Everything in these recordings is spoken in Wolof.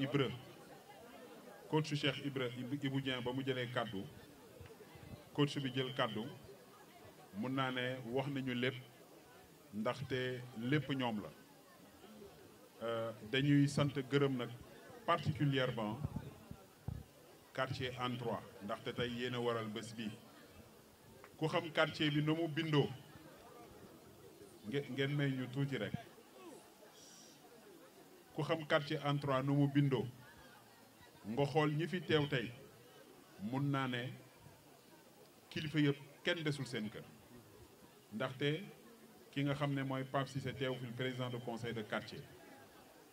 Ibra coach Cheikh Ibra Ibou Dieng ba mu coach bi jël le cadeau, wax nañu lépp té lépp la euh, dañuy particulièrement quartier en droit ndax té tay a waral bi ku xam quartier bi mu ngeen may ku xam quartier en trois nu mu bindoo nga xool ñi fi teew tey mun naa ne kilifa yëpp kenn desul seen kër ndaxte ki nga xam ne mooy Pape teew fi président du conseil de quartier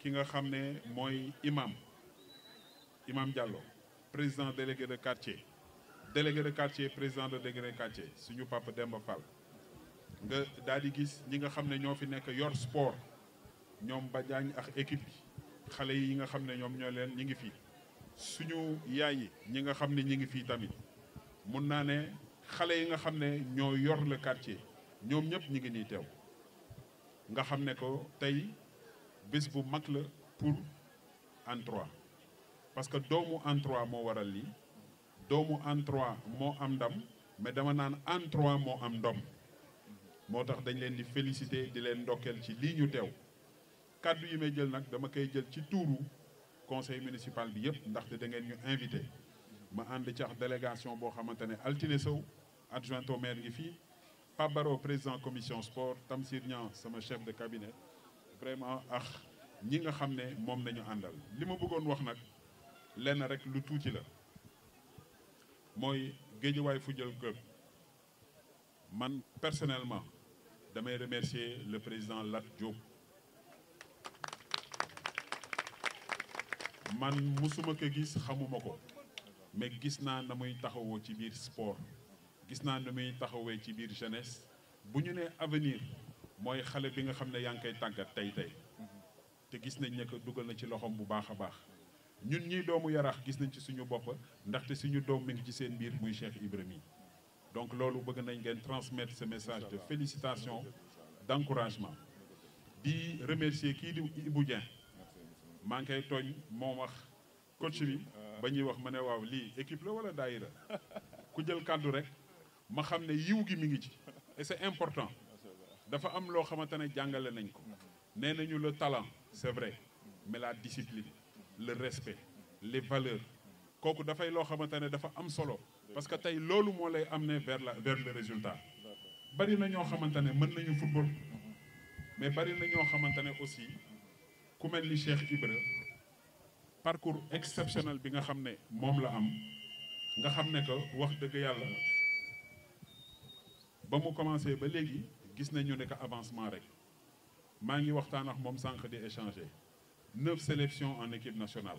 ki nga xam ne mooy imam imam Diallo président délégué de quartier délégué de quartier président de délégué de quartier suñu pap Demba Fall nga daal di gis ñi nga xam ne ñoo fi nekk yor sport ñoom ba Badiagne ak équipe bi xale yi nga xam ne ñoom ñoo leen ñi ngi fii suñu yaay yi ñi nga xam ne ñi ngi fii tamit mun naa ne xale yi nga xam ne ñoo yor le quartier ñoom ñëpp ñi ngi nii teew nga xam ne ko tey bés bu mag la pour Hann parce que doomu entroit moo waral li doomu entroit moo am ndam mais dama naan Hann 3 moo am ndam moo tax dañ leen di féliciter di leen ndokkeel ci lii ñu teew kàddu yi may jël nag dama koy jël ci touru conseil municipal bi yëpp ndaxte da ngeen ñu invité ma ànd ci ak délégation boo xamante ne Altine Sow adjoint au maire ngi fii Pape président commission sport Tam Niang sama chef de cabinet vraiment ax ñi nga xam ne moom nañu àndal li ma bëggoon wax nag lenn rek lu tuuti la mooy fu Football Club man personnellement damay remercier le président Lat Diop man musuma ko gis xamuma mais gis na sport gis jeunesse avenir bi nga xam ne te gis nañ ne dugal na ci bu a ñun doomu gis nañ ci suñu Cheikh donc transmettre ce message de félicitations, d'encouragement. encouragement di remercier kii di maa ngi koy tooñ moom wax coach bi ba wax ma équipe la wala daayira ku jël kàddu rek ma xam yiw gi ci et c'est important dafa am loo xamante ne jàngale nañ ko nee le talent c'est vrai mais la discipline le respect les valeurs kooku dafay loo xamante dafa am solo parce que tey loolu moo lay amener vers la vers le résultat bari na ñoo xamante ne mën nañu football mais bari na ñoo xamante ne aussi comme Cheikh parcours exceptionnel bi nga la am nga wax deug yalla commencé ba gis que avancement rek ngi waxtaan échanger neuf sélections en équipe nationale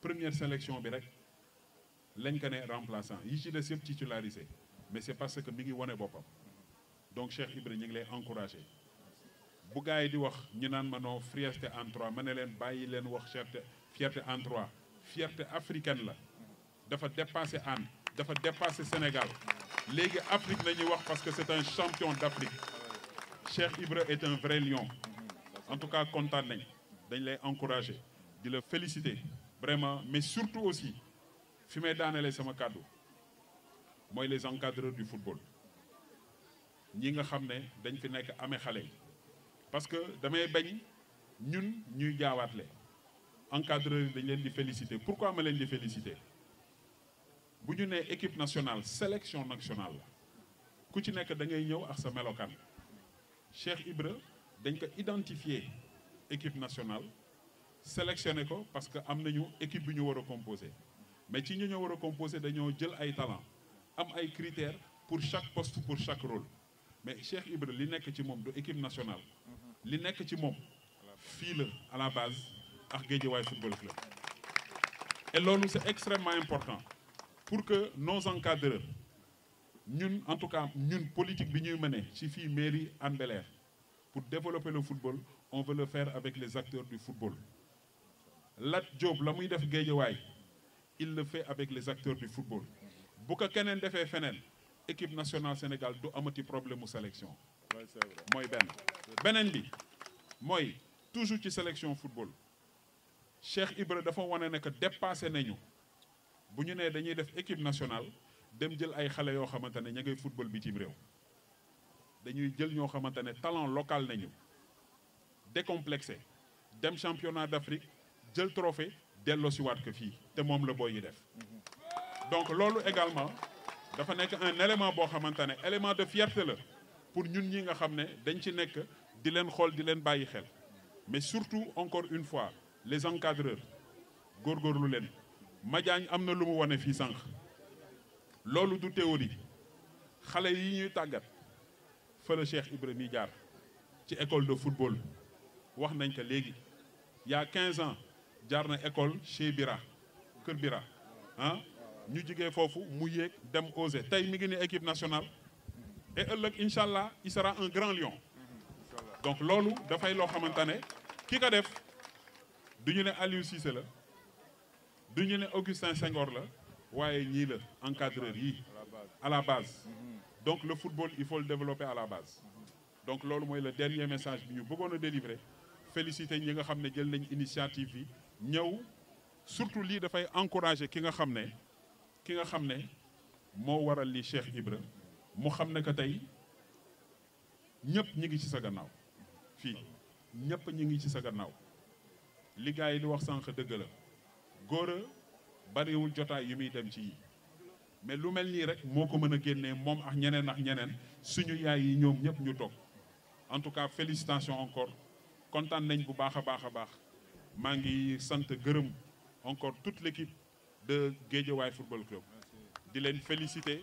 première sélection bi rek lañ ko remplaçant mais c'est parce que mi ngi donc Cheikh Ibra ngi encouragé bu gars yi di wax ñu naan ma non fierté en trois mané ne leen bàyyi leen wax fierté fierté en trois fierté africaine la dafa dépassé Hann dafa dépassé Sénégal légui Afrique la wax parce que c'est un champion d'Afrique Cheikh Ibra est un vrai lion en tout cas kontaan nañ dañ lay encourager di le féliciter vraiment mais surtout aussi fi may daanelee sama cadeau. moy les encadreurs du football ñi nga xamné dañ fi nek amé xalé parce que damay bañ ñun ñuy jaawaatle encadreur yi dañ leen di féliciter pourquoi ma leen di féliciter bu ñu équipe nationale sélection nationale ku ci nek da ngay ñëw ak sa melokaan Cheikh Ibra dañ ko identifier équipe nationale sélectionné ko parce que am une équipe bi ñu wara mais ci ñu ñu wara a composé dañoo jël ay talent am ay critères pour chaque poste pour chaque rôle mais Cheikh Ibra li nek ci mom équipe nationale li nekk ci moom fii la à la base ak football club et loolu c'est extrêmement important pour que nos encadreurs ñun en tout cas ñun politique bi ñuy mené ci fii mairie pour développer le football on veut le faire avec les acteurs du football Lat job, la muy def il le fait avec les acteurs du football bu ko keneen defee feneen équipe nationale Sénégal du amati problème mu sélection moy ben benen bi moy toujours ci sélection football Cheikh Ibra dafa wone nek dépasser nañu buñu né dañuy def équipe nationale dem jël ay xalé yo xamantane ne ña football bitim réew dañuy jël ño xamantane ne talent local nañu décomplexé dem championnat d'Afrique jël trophée delloo ci wat ke fi té mom la boy yi def donc lolu également dafa nek un élément bo xamantane élément de fierté la pour ñun ñi nga xam dañ ci nekk di mais surtout encore une fois les encadreurs góorgóorlu leen Madiagne am na lu mu wane fi sank loolu du théorie xalé yi ñuy tàggat fële Cheikh Ibrahima diar ci école de football wax nañ ko il y a 15 ans diar na école chez Bira Kër Bira ah ñu jigé fofu mu yéeg dem osé tay mi ngi ni équipe nationale et ëllëg il sera un grand lion donc Lolo, dafay faut xamante ne ki ko def du Aliou Cissé la Augustin Senghor la waaye ñii la encadreur à la base donc le football il faut le développer à la base donc Lolo, moi, le dernier message bi nous bëggoon délivrer féliciter ñi nga xam jël nañ initiative yi surtout lii dafay encourager ki nga xam ne ki nga li Cheikh mu xamne ne tay ñepp ñi ngi ci sa gannaaw fi ñepp ñi ngi ci sa gannaaw li gaay li wax sank dëgg la góor a bariwul yu dem ci mais lu melni rek moko meuna genné mom ak ñeneen ak ñeneen suñu yaay yi ñom ñepp ñu tok en tout cas félicitations encore contane nañ bu baaxa baaxa baax ma ngi sant gërëm encore toute l'équipe de Guédiawaye Football Club di leen féliciter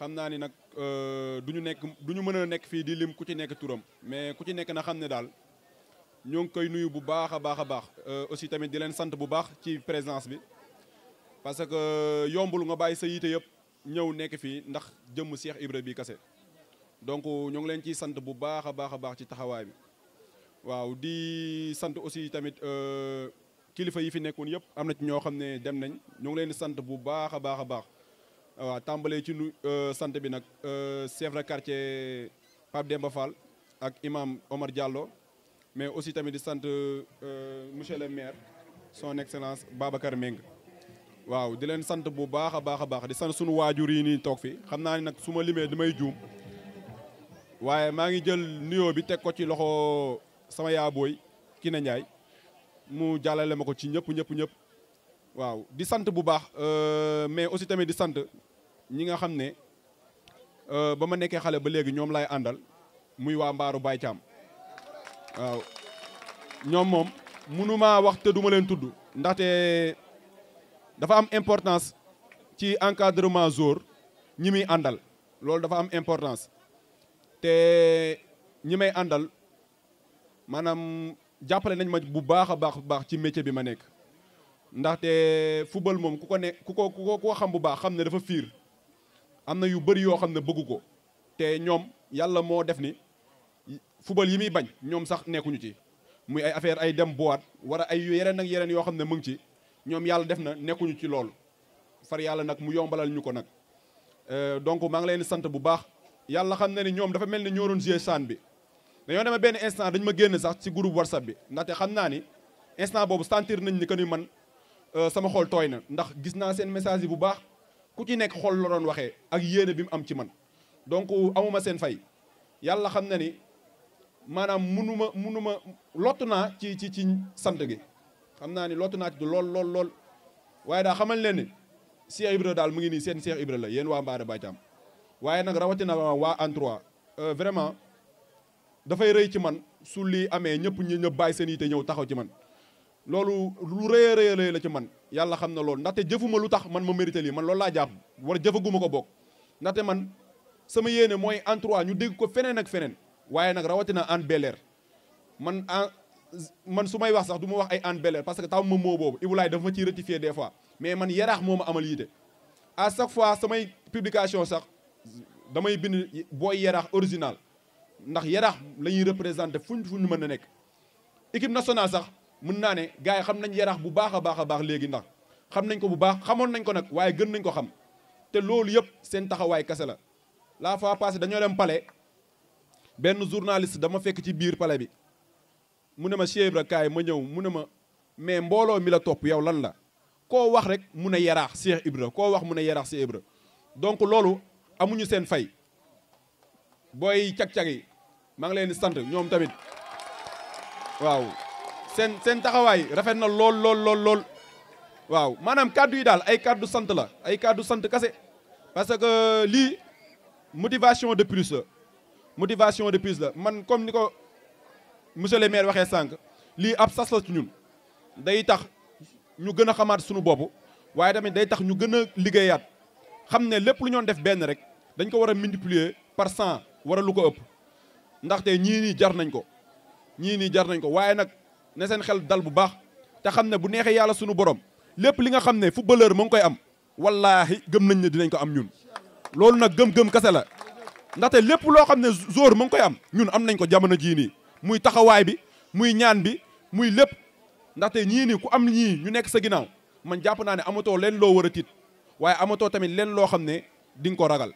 xam naa ni nag euh, du ñu nekk du ñu mën a nekk fii di lim ku ci nekk turam mais ku ci nekk na xam ne daal ñoo ngi koy nuyu bu baax a baax a baax euh, aussi tamit di leen sant bu baax ci présence bi parce que euh, yombul nga bàyyi sa yiite yëpp ñëw nekk fii ndax jëmm Cheikh Ibra bi kase donc ñoo ngi leen ciy sant bu baax a baax a baax ci taxawaay bi waaw di sant aussi tamit kilifa yi fi nekkoon yëpp am na ñoo xam ne dem nañ ñoo ngi leen di sant bu baax a baax a baax Euh, waaw tàmbalee ci nu euh, sant bi nag euh, chef de quartier Pape Demba Fall ak imam Omar jàllo mais aussi tamit di sant monsieur le maire son excellence Babacar Meng waaw di leen sant bu baax a baax a baax di sant sunu waajur yi nii toog fi xam naa ni nag suma ma limee damay juum waaye maa ngi jël nuyoo bi teg ko ci loxo sama yaabooy Kine Ndiaye mu jàllale ma ko ci ñëpp ñëpp ñëpp waaw di sant bu baax mais aussi tamit di sant ñi nga xam ne euh, ba ma nekkee xale ba léegi ñoom lay àndal muy waa mbaaru Baye Thiam waaw ñoom moom mënumaa wax te duma leen tudd ndaxte dafa am importance ci encadrement jour ñi muy àndal loolu dafa am importance te ñi may àndal maanaam jàppale nañ ma bu baax a baax bu baax ci métier bi ma nekk ndaxte football moom ku ko ne ku ko ku ko xam bu baax xam ne dafa fiir am na yu bëri yoo xam ne bëggu ko te ñoom yàlla moo def ni fubal yi muy bañ ñoom sax nekkuñu ci muy ay affaire ay dem boîte wala ay yeneen ak yeneen yoo xam ne mu ngi ci ñoom yàlla def na nekkuñu ci lool far yàlla nag mu yombalal ñu ko nag euh, donc maa ngi leen sant bu baax yàlla xam na ni ñoom dafa mel ni ñoo doon saan bi dañoo demee benn instant dañ ma génn sax ci groupe whatsapp bi ndaxte xam naa ni instant boobu sentir nañ ni que ni man euh, sama xol tooy na ndax gis naa seen message bu baax ku ci nekk xol la doon waxee ak yéene bi mu am ci man donc amuma seen fay yàlla xam na ni maanaam munuma munuma lottu naa ci ci ci sant gi xam naa ni lottu naa ci lool lool lool waaye daa xamal leen ni Cheikh Ibra daal mu ngi nii seen Cheikh Ibra la yéen waa Mbaada Badiam waaye nag rawatina waa Antrois euh, vraiment dafay rëy ci man su lii amee ñëpp ñi ñëpp bàyyi seen yite ñëw taxaw ci man loolu lu rëy a la ci man yàlla xamna lool ndate jëfuma lutax man ma mérité li man lool la jàpp war jëfaguma ko bok ndate man sama yene moy en trois ñu dégg ko fenen ak fenen waye nak rawati na en Bel-Air man man sumay wax sax duma wax ay en bel parce que taw ma mo bobu Ibou Laye dafa ma ci rectifier des fois mais man yarax moma amal yité à chaque fois samay publication sax damay bind boy yarax original ndax yarax lañuy représenter fuñ fuñ mëna nek équipe nationale sax mun naa ne gars yi xam nañ yaraax bu baax a baax a baax léegi ndax xam nañ ko bu baax xamoon nañ ko nag waaye gën nañ ko xam te loolu yëpp seen taxawaay kase la la fois passée dañoo dem pale benn journaliste dama fekk ci biir pale bi mu ne ma Cheikh Ibra kaay ma ñëw mu ne ma mais mbooloo mi la topp yow lan la koo wax rek mu ne yaraax Cheikh Ibra koo wax mu ne yaraax Cheikh Ibra donc loolu amuñu seen fay booy cag-cag yi maa ngi leen di sant ñoom tamit waaw sen sen taxawaay rafet na lol lol lool lool waaw maanaam kàddu yi dal ay kàddu sante la ay kàddu sante kase parce que li motivation de plus motivation de plus la man comme niko monsieur le maire waxee sank li ab sas la ci ñun day tax ñu gëna a xamaat suñu bobu waye tamit day tax ñu gëna ligéyat xamné lepp ne lépp lu ñoon def ben rek dañ ko wara a multiplier par 100 wara lu ko ëpp té ñi ni jar nañ ko ñi ni jar nañ ko waye nak ne seen xel dal bu baax te xam ne bu neexee yàlla sunu borom lépp li nga xam ne footballeur mu ngi koy am wallahi gëm nañ ne dinañ ko am ñun. loolu nag gëm-gëm kese la ndaxte lépp loo xam ne jour mu ngi koy am ñun am nañ ko jamono jii nii muy taxawaay bi muy ñaan bi muy lépp ndaxte ñii nii ku am ñii ñu nekk sa ginnaaw man jàpp naa ne amatoo leen loo war a tiit waaye amatoo tamit leen loo xam ne di ko ragal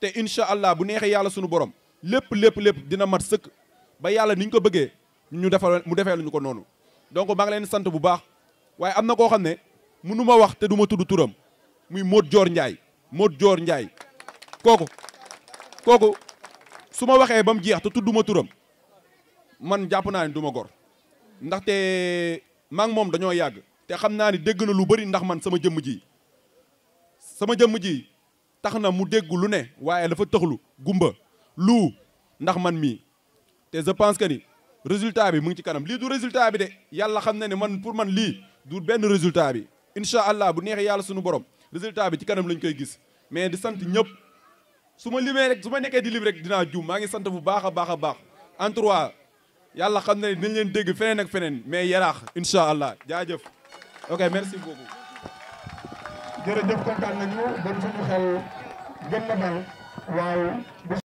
te incha allah bu neexee yàlla sunu borom lépp lépp lépp dina mat sëkk ba yàlla ni ñu ko bëggee. ñu defal mu defee lu ñu ko noonu donc maa ngi leen sant bu baax waaye am na koo xam ne mënu wax te duma tudd turam muy Modou joor Ndiaye Modou joor njaay kooku kooku su ma waxee ba mu jeex te tudduma turam man jàpp naa ne du gor ndaxte maa ngi moom dañoo yàgg te xam naa ni dégg na lu bari ndax man sama jëmm ji sama jëmm ji tax na mu dégg lu ne waaye dafa tëxlu gumba lu ndax man mii te je pense que résultat bi mu ngi ci kanam li du résultat bi de yàlla xam ni man pour man li du ben résultat bi inshallah bu neex yàlla suñu borom résultat bi ci kanam lañ koy gis mais di sante ñep suma limé rek suma nekké di livre rek dina djum ma ngi sante bu baaxa baaxa baax en trois yàlla xam ni dañ leen dégg fenen ak fenen mais yarax inshallah jaajeuf ok merci beaucoup. jere jeuf kontaan nañu bon suñu xel gën na dal waaw.